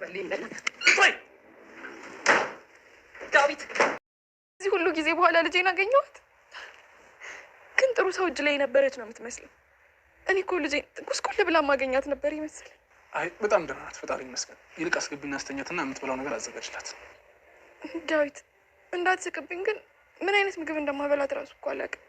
ዳዊት እዚህ ሁሉ ጊዜ በኋላ ልጄን አገኘኋት። ግን ጥሩ ሰው እጅ ላይ የነበረች ነው የምትመስለው። እኔ እኮ ልጄን ጉስቁል ብላ ማገኛት ነበር ይመስል። አይ በጣም ደህና ናት፣ ፈጣሪ ይመስገን። ይልቅ አስገቢና አስተኛትና የምትበላው ነገር አዘጋጅላት። ዳዊት እንዳትስቅብኝ፣ ግን ምን አይነት ምግብ እንደማበላት እራሱ እኮ አላውቅም።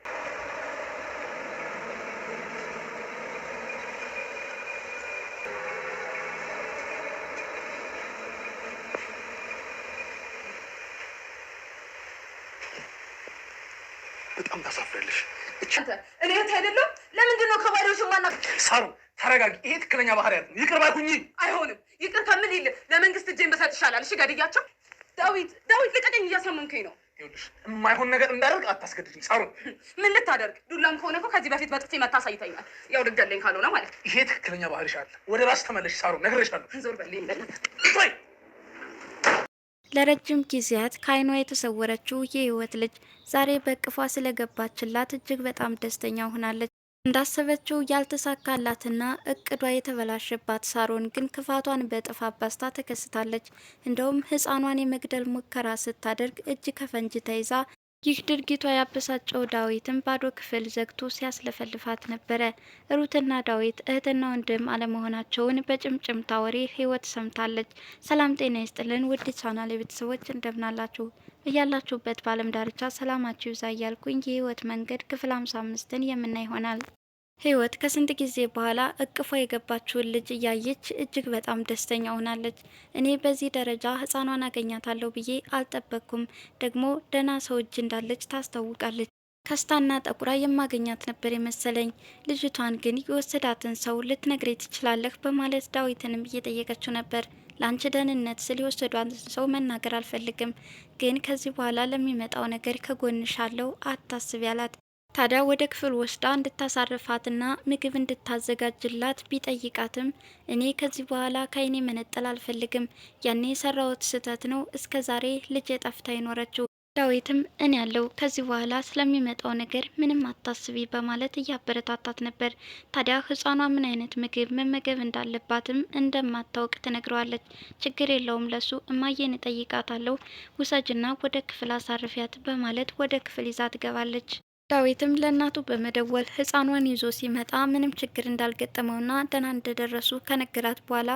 አንተ እኔ እህት አይደለም? ለምንድን ነው ከባሪዎች ማና ሳሩ ተረጋጊ። ይሄ ትክክለኛ ባህሪ ያት ይቅር ባይሁኝ አይሆንም። ይቅር ከምን ይል ለመንግስት እጄን በሰጥ ይሻላል። እሺ ገድያቸው። ዳዊት ዳዊት ልቀቀኝ፣ እያሳመምከኝ ነው። የማይሆን ነገር እንዳደርግ አታስገድድኝ ሳሩ። ምን ልታደርግ? ዱላም ከሆነ እኮ ከዚህ በፊት መጥቼ መታሳይተኛል። ያው ድገለኝ ካልሆነ ማለት ይሄ ትክክለኛ ባህሪሽ አለ። ወደ ራስ ተመለሽ ሳሩ፣ ነግሬሻለሁ። ዞር በልኝ በለ ለረጅም ጊዜያት ከአይኗ የተሰወረችው የህይወት ልጅ ዛሬ በቅፏ ስለገባችላት እጅግ በጣም ደስተኛ ሆናለች። እንዳሰበችው ያልተሳካላትና እቅዷ የተበላሸባት ሳሮን ግን ክፋቷን በእጥፍ አባዝታ ተከስታለች። እንደውም ህፃኗን የመግደል ሙከራ ስታደርግ እጅ ከፈንጅ ተይዛ ይህ ድርጊቷ ያበሳጨው ዳዊትን ባዶ ክፍል ዘግቶ ሲያስለፈልፋት ነበረ። ሩትና ዳዊት እህትና ወንድም አለመሆናቸውን በጭምጭምታ ወሬ ህይወት ሰምታለች። ሰላም ጤና ይስጥልን ውድ ቻናል የቤተሰቦች እንደምናላችሁ እያላችሁበት በአለም ዳርቻ ሰላማችሁ ይብዛ እያልኩኝ የህይወት መንገድ ክፍል ሃምሳ አምስትን የምናይ ይሆናል። ህይወት ከስንት ጊዜ በኋላ እቅፏ የገባችውን ልጅ እያየች እጅግ በጣም ደስተኛ ሆናለች። እኔ በዚህ ደረጃ ህፃኗን አገኛታለሁ ብዬ አልጠበቅኩም። ደግሞ ደህና ሰው እጅ እንዳለች ታስታውቃለች። ከስታና ጠቁራ የማገኛት ነበር የመሰለኝ። ልጅቷን ግን የወሰዳትን ሰው ልትነግሬ ትችላለህ? በማለት ዳዊትንም እየጠየቀችው ነበር። ለአንቺ ደህንነት ስል የወሰዷን ሰው መናገር አልፈልግም፣ ግን ከዚህ በኋላ ለሚመጣው ነገር ከጎንሻለው አታስቢ አላት። ታዲያ ወደ ክፍል ወስዳ እንድታሳርፋትና ምግብ እንድታዘጋጅላት ቢጠይቃትም እኔ ከዚህ በኋላ ከአይኔ መነጠል አልፈልግም፣ ያኔ የሰራሁት ስህተት ነው፣ እስከ ዛሬ ልጄ ጠፍታ ይኖረችው። ዳዊትም እኔ ያለው ከዚህ በኋላ ስለሚመጣው ነገር ምንም አታስቢ በማለት እያበረታታት ነበር። ታዲያ ህፃኗ ምን አይነት ምግብ መመገብ እንዳለባትም እንደማታውቅ ትነግረዋለች። ችግር የለውም ለሱ እማዬን እጠይቃታለሁ፣ ውሰጅና ወደ ክፍል አሳርፊያት በማለት ወደ ክፍል ይዛ ትገባለች። ዳዊትም ለእናቱ በመደወል ህፃኗን ይዞ ሲመጣ ምንም ችግር እንዳልገጠመውና ደህና እንደደረሱ ከነገራት በኋላ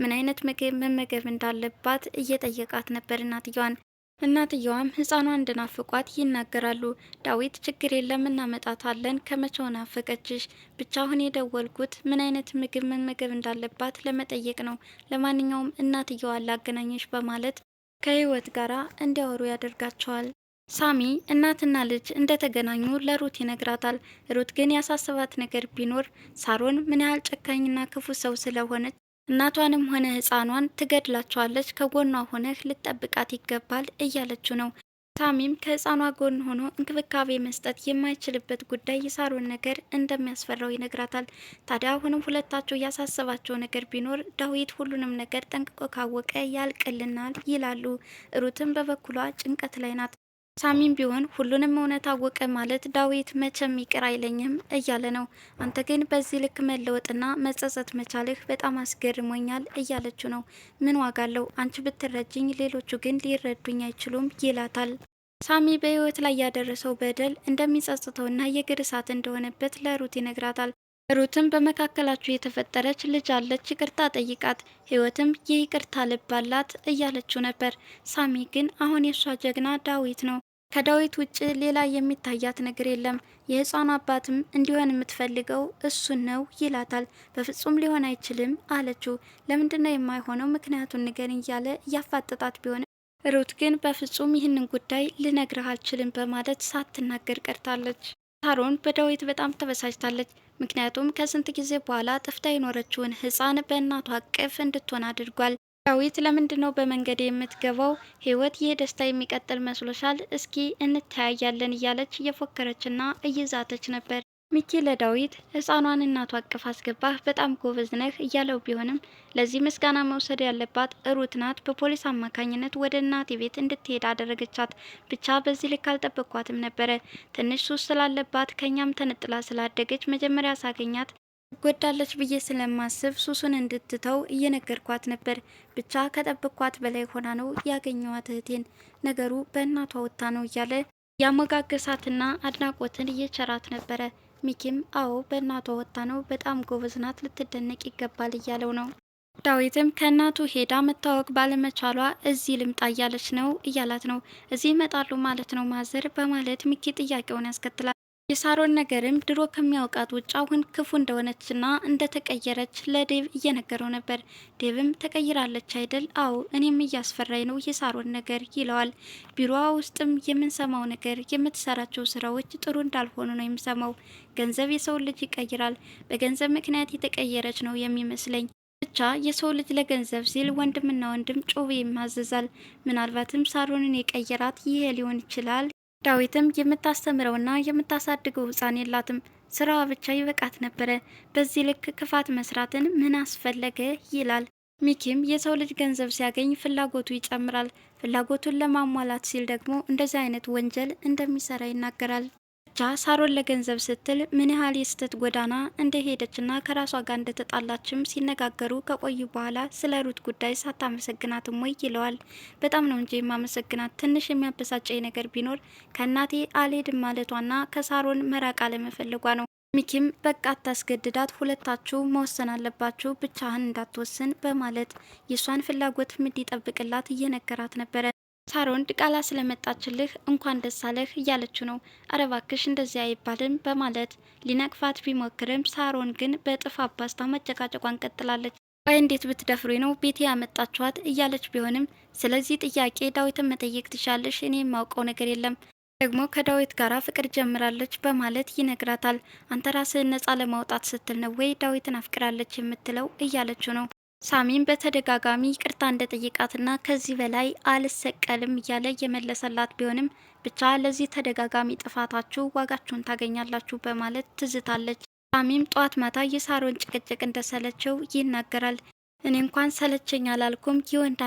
ምን አይነት ምግብ መመገብ እንዳለባት እየጠየቃት ነበር እናትየዋን። እናትየዋም ህፃኗን እንደናፍቋት ይናገራሉ። ዳዊት ችግር የለም እናመጣታለን፣ ከመቼው ናፈቀችሽ? ብቻ አሁን የደወልኩት ምን አይነት ምግብ መመገብ እንዳለባት ለመጠየቅ ነው። ለማንኛውም እናትየዋን ላገናኘሽ በማለት ከህይወት ጋራ እንዲያወሩ ያደርጋቸዋል። ሳሚ እናትና ልጅ እንደተገናኙ ለሩት ይነግራታል። ሩት ግን ያሳሰባት ነገር ቢኖር ሳሮን ምን ያህል ጨካኝና ክፉ ሰው ስለሆነች እናቷንም ሆነ ሕፃኗን ትገድላቸዋለች፣ ከጎኗ ሆነህ ልጠብቃት ይገባል እያለችው ነው። ሳሚም ከሕፃኗ ጎን ሆኖ እንክብካቤ መስጠት የማይችልበት ጉዳይ የሳሮን ነገር እንደሚያስፈራው ይነግራታል። ታዲያ አሁንም ሁለታቸው ያሳሰባቸው ነገር ቢኖር ዳዊት ሁሉንም ነገር ጠንቅቆ ካወቀ ያልቅልናል ይላሉ። ሩትም በበኩሏ ጭንቀት ላይ ናት። ሳሚም ቢሆን ሁሉንም እውነት አወቀ ማለት ዳዊት መቼም ይቅር አይለኝም እያለ ነው። አንተ ግን በዚህ ልክ መለወጥና መጸጸት መቻልህ በጣም አስገርሞኛል እያለችው ነው። ምን ዋጋ አለው አንቺ ብትረጅኝ፣ ሌሎቹ ግን ሊረዱኝ አይችሉም ይላታል። ሳሚ በህይወት ላይ ያደረሰው በደል እንደሚጸጽተውና የእግር እሳት እንደሆነበት ለሩት ይነግራታል። ሩትም በመካከላችሁ የተፈጠረች ልጅ አለች፣ ይቅርታ ጠይቃት፣ ህይወትም የይቅርታ ልብ አላት እያለችው ነበር። ሳሚ ግን አሁን የእሷ ጀግና ዳዊት ነው። ከዳዊት ውጭ ሌላ የሚታያት ነገር የለም። የህፃኑ አባትም እንዲሆን የምትፈልገው እሱን ነው ይላታል። በፍጹም ሊሆን አይችልም አለችው። ለምንድነው የማይሆነው? ምክንያቱን ንገሪኝ እያለ እያፋጠጣት ቢሆን ሩት ግን በፍጹም ይህንን ጉዳይ ልነግርህ አልችልም በማለት ሳትናገር ቀርታለች። ታሮን በዳዊት በጣም ተበሳጭታለች። ምክንያቱም ከስንት ጊዜ በኋላ ጥፍታ የኖረችውን ህፃን በእናቷ አቅፍ እንድትሆን አድርጓል። ዳዊት ለምንድን ነው በመንገድ የምትገባው? ህይወት ይህ ደስታ የሚቀጥል መስሎሻል? እስኪ እንተያያለን እያለች እየፎከረችና እየዛተች ነበር። ሚኪ ለዳዊት ህፃኗን እናቷ አቅፍ አስገባህ፣ በጣም ጎበዝ ነህ እያለው ቢሆንም ለዚህ ምስጋና መውሰድ ያለባት ሩት ናት። በፖሊስ አማካኝነት ወደ እናቴ ቤት እንድትሄድ አደረገቻት። ብቻ በዚህ ልክ አልጠበቅኳትም ነበረ። ትንሽ ሱስ ስላለባት ከኛም ተነጥላ ስላደገች መጀመሪያ ሳገኛት ትጎዳለች ብዬ ስለማስብ ሱሱን እንድትተው እየነገርኳት ነበር። ብቻ ከጠበቅኳት በላይ ሆና ነው ያገኘዋት እህቴን። ነገሩ በእናቷ ወጥታ ነው እያለ ያሞጋገሳትና አድናቆትን እየቸራት ነበረ። ሚኪም አዎ በእናቷ ወጥታ ነው፣ በጣም ጎበዝ ናት፣ ልትደነቅ ይገባል እያለው ነው። ዳዊትም ከእናቱ ሄዳ መታወቅ ባለመቻሏ እዚህ ልምጣ እያለች ነው እያላት ነው። እዚህ ይመጣሉ ማለት ነው ማዘር በማለት ሚኪ ጥያቄውን ያስከትላል። የሳሮን ነገርም ድሮ ከሚያውቃት ውጭ አሁን ክፉ እንደሆነችና እንደተቀየረች ለዴቭ እየነገረው ነበር። ዴቭም ተቀይራለች አይደል? አዎ እኔም እያስፈራኝ ነው የሳሮን ነገር ይለዋል። ቢሮዋ ውስጥም የምንሰማው ነገር የምትሰራቸው ስራዎች ጥሩ እንዳልሆኑ ነው የምሰማው። ገንዘብ የሰው ልጅ ይቀይራል። በገንዘብ ምክንያት የተቀየረች ነው የሚመስለኝ። ብቻ የሰው ልጅ ለገንዘብ ሲል ወንድምና ወንድም ጮቤ ይማዘዛል። ምናልባትም ሳሮንን የቀየራት ይሄ ሊሆን ይችላል ዳዊትም የምታስተምረውና የምታሳድገው ህፃን የላትም፣ ስራዋ ብቻ ይበቃት ነበረ። በዚህ ልክ ክፋት መስራትን ምን አስፈለገ ይላል። ሚኪም የሰው ልጅ ገንዘብ ሲያገኝ ፍላጎቱ ይጨምራል። ፍላጎቱን ለማሟላት ሲል ደግሞ እንደዚህ አይነት ወንጀል እንደሚሰራ ይናገራል። ብቻ ሳሮን ለገንዘብ ስትል ምን ያህል የስህተት ጎዳና እንደሄደችና ከራሷ ጋር እንደተጣላችም ሲነጋገሩ ከቆዩ በኋላ ስለ ሩት ጉዳይ ሳታመሰግናትም ወይ ይለዋል። በጣም ነው እንጂ የማመሰግናት ትንሽ የሚያበሳጨኝ ነገር ቢኖር ከእናቴ አልሄድም ማለቷና ከሳሮን መራቅ አለመፈለጓ ነው። ሚኪም በቃ አታስገድዳት፣ ሁለታችሁ መወሰን አለባችሁ፣ ብቻህን እንዳትወስን በማለት የእሷን ፍላጎት እንዲጠብቅላት እየነገራት ነበረ። ሳሮን ድቃላ ስለመጣችልህ እንኳን ደስ አለህ እያለችው ነው። አረባክሽ እንደዚህ አይባልም በማለት ሊነቅፋት ቢሞክርም ሳሮን ግን በጥፍ አባስታ መጨቃጨቋን ቀጥላለች። አይ እንዴት ብትደፍሪ ነው ቤቴ ያመጣችኋት እያለች ቢሆንም ስለዚህ ጥያቄ ዳዊትን መጠየቅ ትሻለሽ፣ እኔ የማውቀው ነገር የለም ደግሞ ከዳዊት ጋር ፍቅር ጀምራለች በማለት ይነግራታል። አንተ ራስህን ነጻ ለማውጣት ስትል ነው ወይ ዳዊትን አፍቅራለች የምትለው እያለችው ነው። ሳሚም በተደጋጋሚ ይቅርታ እንደጠየቃትና ከዚህ በላይ አልሰቀልም እያለ የመለሰላት ቢሆንም ብቻ ለዚህ ተደጋጋሚ ጥፋታችሁ ዋጋችሁን ታገኛላችሁ በማለት ትዝታለች። ሳሚም ጠዋት ማታ የሳሮን ጭቅጭቅ እንደሰለቸው ይናገራል። እኔ እንኳን ሰለቸኝ አላልኩም የወንድ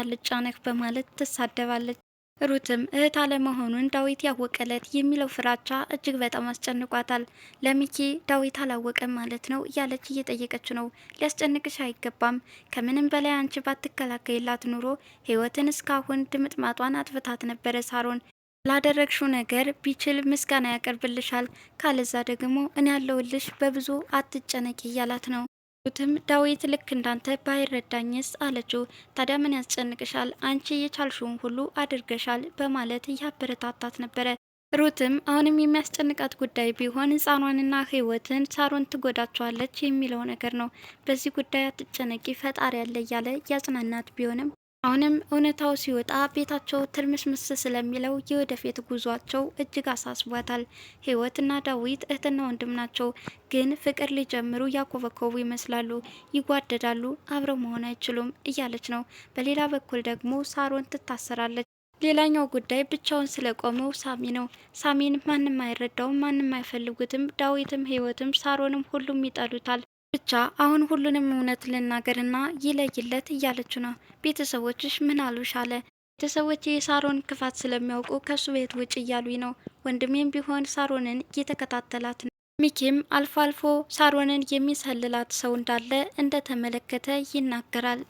በማለት ትሳደባለች። ሩትም እህት አለመሆኑን ዳዊት ያወቀለት የሚለው ፍራቻ እጅግ በጣም አስጨንቋታል። ለሚኪ ዳዊት አላወቀም ማለት ነው እያለች እየጠየቀች ነው። ሊያስጨንቅሽ አይገባም። ከምንም በላይ አንቺ ባትከላከይላት ኑሮ ህይወትን እስካሁን ድምጥማጧን አጥፍታት ነበረ። ሳሮን ላደረግሽው ነገር ቢችል ምስጋና ያቀርብልሻል፣ ካለዛ ደግሞ እኔ ያለውልሽ፣ በብዙ አትጨነቂ እያላት ነው። ሩትም ዳዊት ልክ እንዳንተ ባይረዳኝስ አለችው። ታዲያ ምን ያስጨንቅሻል? አንቺ የቻልሽውን ሁሉ አድርገሻል በማለት እያበረታታት ነበረ። ሩትም አሁንም የሚያስጨንቃት ጉዳይ ቢሆን ህፃኗንና ህይወትን ሳሮን ትጎዳቸዋለች የሚለው ነገር ነው። በዚህ ጉዳይ አትጨነቂ፣ ፈጣሪ ያለ እያለ እያጽናናት ቢሆንም አሁንም እውነታው ሲወጣ ቤታቸው ትርምስምስ ስለሚለው የወደፊት ጉዟቸው እጅግ አሳስቧታል። ህይወትና ዳዊት እህትና ወንድም ናቸው፣ ግን ፍቅር ሊጀምሩ ያኮበኮቡ ይመስላሉ። ይጓደዳሉ፣ አብረው መሆን አይችሉም እያለች ነው። በሌላ በኩል ደግሞ ሳሮን ትታሰራለች። ሌላኛው ጉዳይ ብቻውን ስለቆመው ሳሚ ነው። ሳሚን ማንም አይረዳውም፣ ማንም አይፈልጉትም። ዳዊትም ህይወትም ሳሮንም ሁሉም ይጠሉታል። ብቻ አሁን ሁሉንም እውነት ልናገርና ይለይለት እያለች ነው። ቤተሰቦችሽ ምን አሉሽ? አለ ቤተሰቦች የሳሮን ክፋት ስለሚያውቁ ከሱ ቤት ውጭ እያሉኝ ነው። ወንድሜም ቢሆን ሳሮንን እየተከታተላት ነው። ሚኪም አልፎ አልፎ ሳሮንን የሚሰልላት ሰው እንዳለ እንደተመለከተ ይናገራል።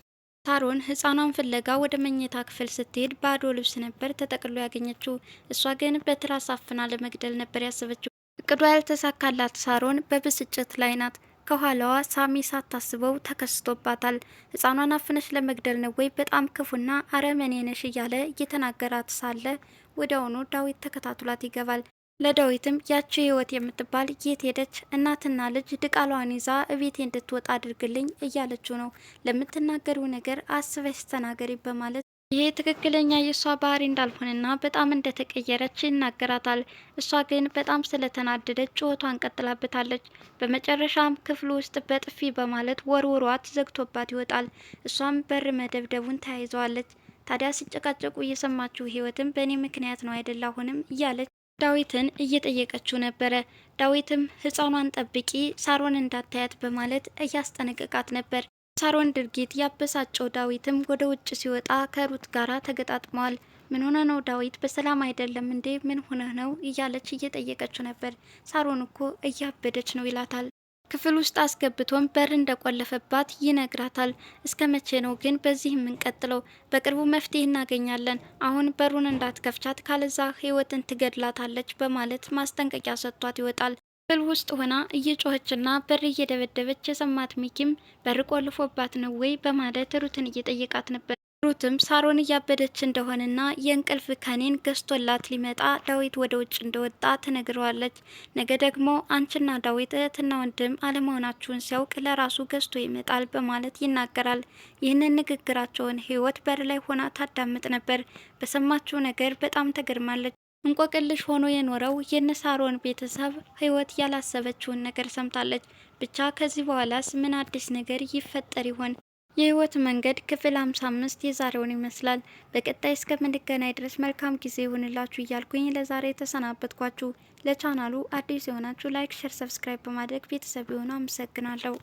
ሳሮን ህፃኗን ፍለጋ ወደ መኝታ ክፍል ስትሄድ ባዶ ልብስ ነበር ተጠቅሎ ያገኘችው። እሷ ግን በትራስ አፍና ለመግደል ነበር ያሰበችው። እቅዷ ያልተሳካላት ሳሮን በብስጭት ላይ ናት። ከኋላዋ ሳሚ ሳታስበው ተከስቶባታል። ህፃኗን አፍነሽ ለመግደል ነው ወይ? በጣም ክፉና አረመኔ ነሽ እያለ እየተናገራት ሳለ ወዲያውኑ ዳዊት ተከታትሏት ይገባል። ለዳዊትም ያቺ ህይወት የምትባል የት ሄደች? እናትና ልጅ ድቃሏን ይዛ እቤቴ እንድትወጣ አድርግልኝ እያለችው ነው። ለምትናገሩ ነገር አስበሽ ተናገሪ በማለት ይሄ ትክክለኛ የእሷ ባህሪ እንዳልሆነና በጣም እንደተቀየረች ይናገራታል። እሷ ግን በጣም ስለተናደደች ጩኸቷን ቀጥላበታለች። በመጨረሻም ክፍሉ ውስጥ በጥፊ በማለት ወርውሯት ዘግቶባት ይወጣል። እሷም በር መደብደቡን ተያይዘዋለች። ታዲያ ሲጨቃጨቁ እየሰማችው ህይወትም በእኔ ምክንያት ነው አይደል አሁንም እያለች ዳዊትን እየጠየቀችው ነበረ። ዳዊትም ህፃኗን ጠብቂ ሳሮን እንዳታያት በማለት እያስጠነቅቃት ነበር። ሳሮን ድርጊት ያበሳጨው ዳዊትም ወደ ውጭ ሲወጣ ከሩት ጋራ ተገጣጥሟል። ምን ሆነ ነው ዳዊት በሰላም አይደለም እንዴ? ምን ሆነ ነው እያለች እየጠየቀችው ነበር። ሳሮን እኮ እያበደች ነው ይላታል። ክፍል ውስጥ አስገብቶም በር እንደቆለፈባት ይነግራታል። እስከ መቼ ነው ግን በዚህ የምንቀጥለው? በቅርቡ መፍትሄ እናገኛለን። አሁን በሩን እንዳትከፍቻት፣ ካለዛ ህይወትን ትገድላታለች በማለት ማስጠንቀቂያ ሰጥቷት ይወጣል። ክፍል ውስጥ ሆና እየጮኸችና በር እየደበደበች የሰማት ሚኪም በር ቆልፎባት ነው ወይ በማለት ሩትን እየጠየቃት ነበር። ሩትም ሳሮን እያበደች እንደሆነና የእንቅልፍ ከኔን ገዝቶላት ሊመጣ ዳዊት ወደ ውጭ እንደወጣ ትነግረዋለች። ነገ ደግሞ አንቺና ዳዊት እህትና ወንድም አለመሆናችሁን ሲያውቅ ለራሱ ገዝቶ ይመጣል በማለት ይናገራል። ይህንን ንግግራቸውን ህይወት በር ላይ ሆና ታዳምጥ ነበር። በሰማችው ነገር በጣም ተገርማለች። እንቆቅልሽ ሆኖ የኖረው የነሳሮን ቤተሰብ ህይወት ያላሰበችውን ነገር ሰምታለች። ብቻ ከዚህ በኋላስ ምን አዲስ ነገር ይፈጠር ይሆን? የህይወት መንገድ ክፍል 55 የዛሬውን ይመስላል። በቀጣይ እስከምንገናኝ ድረስ መልካም ጊዜ ይሁንላችሁ እያልኩኝ ለዛሬ የተሰናበትኳችሁ። ለቻናሉ አዲስ የሆናችሁ ላይክ፣ ሸር፣ ሰብስክራይብ በማድረግ ቤተሰብ የሆኑ አመሰግናለሁ።